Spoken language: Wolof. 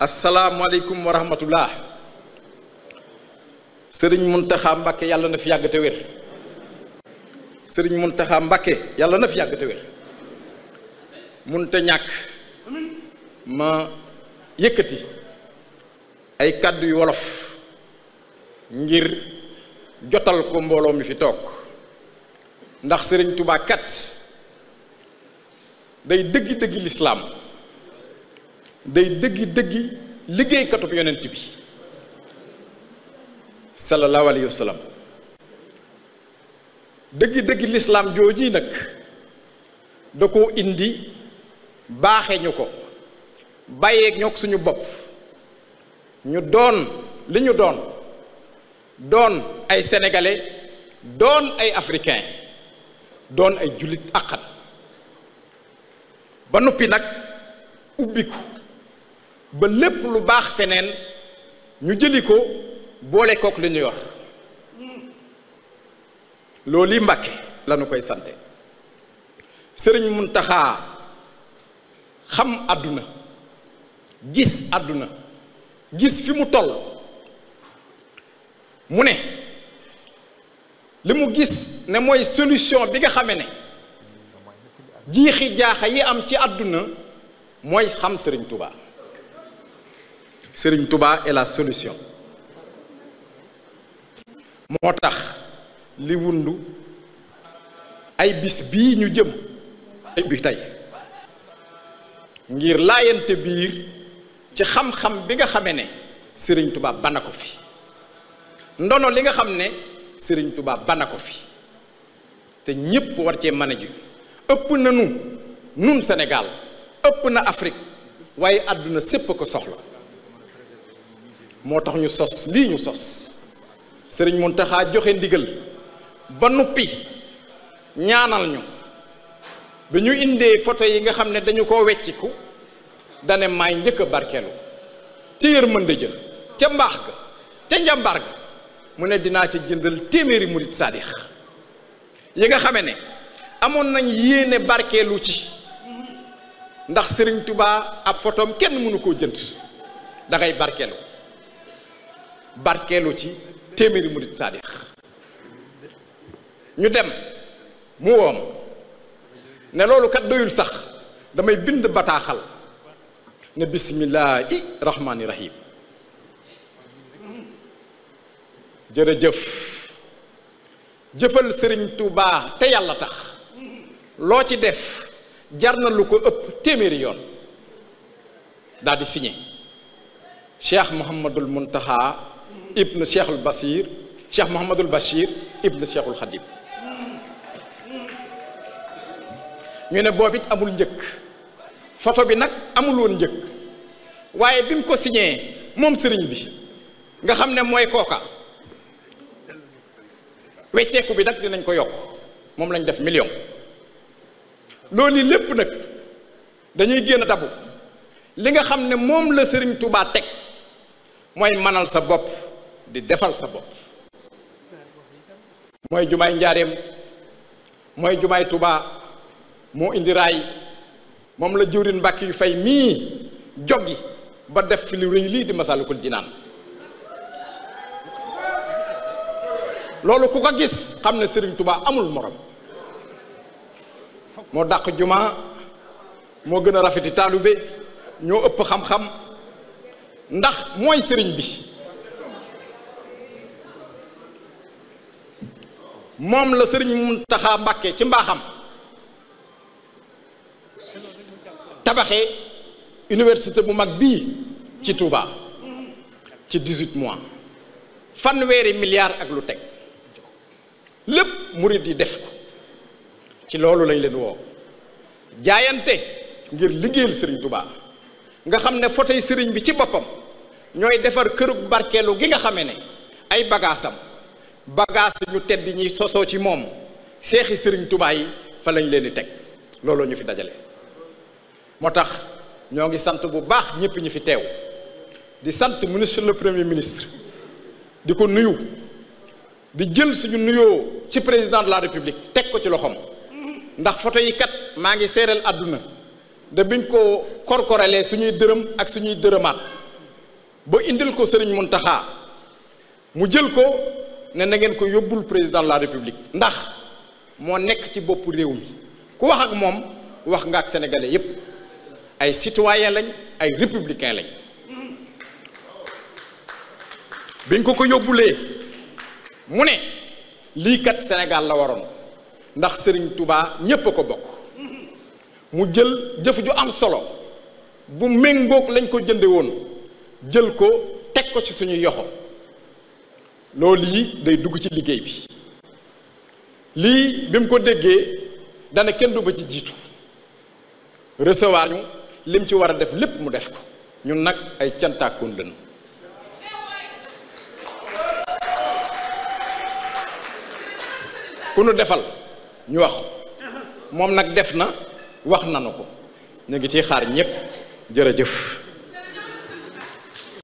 asalaamualeykum wa rahmatullah sëriñ Muntaxa Mbàkke yàlla na fi yàgg te wér sëriñ Muntaxa Mbàkke yàlla na fi yàgg te wér munte ñàkk ma yëkkati ay kàddu yu wolof ngir jotal ko mbooloo mi fi toog ndax sëriñ Tuubaa kat day dëggi dëggi lislaam day dëggi dëggi liggéeykatub yonent bi sallallahu alayhi wa sallam dëggi dëggi lislaam jooji nag da koo indi baaxe ko bàyyeek ñoo suñu bopp ñu doon li ñu doon doon ay sénégalais doon ay africain doon ay jullit àqan ba noppi nag ubbiku ba lépp lu baax feneen ñu jëli ko boole kook li ñuy wax loolu yi Mbàkke koy sante sëriñ taxaa xam àdduna gis àdduna gis fi mu toll mu ne li mu gis ne mooy solution bi nga xame ne jiixi jaaxa yi am ci àdduna mooy xam sëriñ Tuubaa sëriñ Touba et la solution moo tax li wundu ay bis bii ñu jëm ay bi tey ngir laayante biir ci xam-xam bi nga xame ne Serigne Touba bana ko fi ndono li nga xam ne Serigne Touba bana ko fi te ñépp war cee mën a ji ëpp na nu nun Sénégal ëpp na Afrique waaye àdduna sépp ko soxla moo tax ñu sos lii ñu sos sëriñ mun Muntaxa joxe ndigal ba nuppi ñaanal ñu bi ñu indee photo yi nga xam ne dañu ko wecciku dane maay njëkk a barkeelu ca yërmande ja ca mbaax ga ca njàmbaar ga mu ne dinaa ca jëndal téeméeri murit saadix yi nga xame ne amoon nañ yéene barkeelu ci ndax sëriñ Tuubaa ab photom kenn mënu koo jënd da ngay barkeelu barkeelu ci téeméeri murit saadix ñu dem mu woom ne loolu kat doyul sax damay bind bataaxal ne bismillaahi rahmaani rahim jërëjëf jëfal sëriñ Tuubaa te yàlla tax loo ci def jar na lu ko ëpp téeméeri yoon daal di signé Cheikh Mouhamadul Muntaha ibn cheikhul basir cheikh mohamadul bachir ibn cheikhul xadim ñu ne boobu amul njëkk photo bi nag amul woon njëkk waaye bi mu ko siñee moom sëriñ bi nga xam ne mooy kooka wecceeku bi nag dinañ ko yokk moom lañ def million loolu lépp nag dañuy génn dabu li nga xam ne moom la sëriñ Touba teg mooy manal sa bopp di defal sa bopp mooy jumaay njaareem mooy jumaay tubaa moo indi raay moom la jëwrin mbàkki yu fay mii jogi ba def fi lu rëy lii di Masaalikul Jinaan loolu ku ko gis xam ne Sëriñ Tubaa amul morom moo dàq jumaa moo gën a rafeti taalube ñoo ëpp xam-xam ndax mooy sëriñ bi moom la sëriñ Muntaxa Mbàkke ci mbaaxam tabaxee université bu mag bii ci Touba ci 18 mois fanweeri milliards ak lu teg lépp murit yi def ko ci loolu lañ leen woo jaayante ngir liggéeyal sëriñ Touba nga xam ne fotoy sëriñ bi ci boppam ñooy defar kërug barkeelu gi nga xame ne ay bagaasam bagaas ñu tedd ñi sosoo ci moom seexi sëriñ Tuubaa yi fa lañ leen di teg looloo ñu fi dajale moo tax ñoo ngi sant bu baax ñëpp ñu fi teew di sant monsieur le premier ministre di ko nuyu di jël suñu nuyoo ci président de la république teg ko ci loxoom ndax foto yi kat maa ngi seeral àdduna da biñ ko korkoralee suñuy dërëm ak suñuy dërëmaat ba indil ko sëriñ taxaa mu jël ko ne na ngeen ko yóbbul président la république ndax moo nekk ci bopp réew mi ku wax ak moom wax nga ak sénégalais yépp ay citoyen lañ ay républicain lañ biñ ko ko yóbbulee mu ne lii kat Sénégal la waroon ndax sëriñ tubaa ñépp a ko bokk mu jël jëf ju am solo bu méngoog lañ ko jënde woon jël ko teg ko ci suñuy yoxo loo yi day dugg ci liggéey bi lii bi mu ko déggee dana kenn du ci jiitu recevoir ñu lim ci war a def lépp mu def ko ñun nag ay cantaakoon lañu ku nu defal ñu wax moom nag def na wax nanu ko ñu ngi ci xaar ñëpp jërëjëf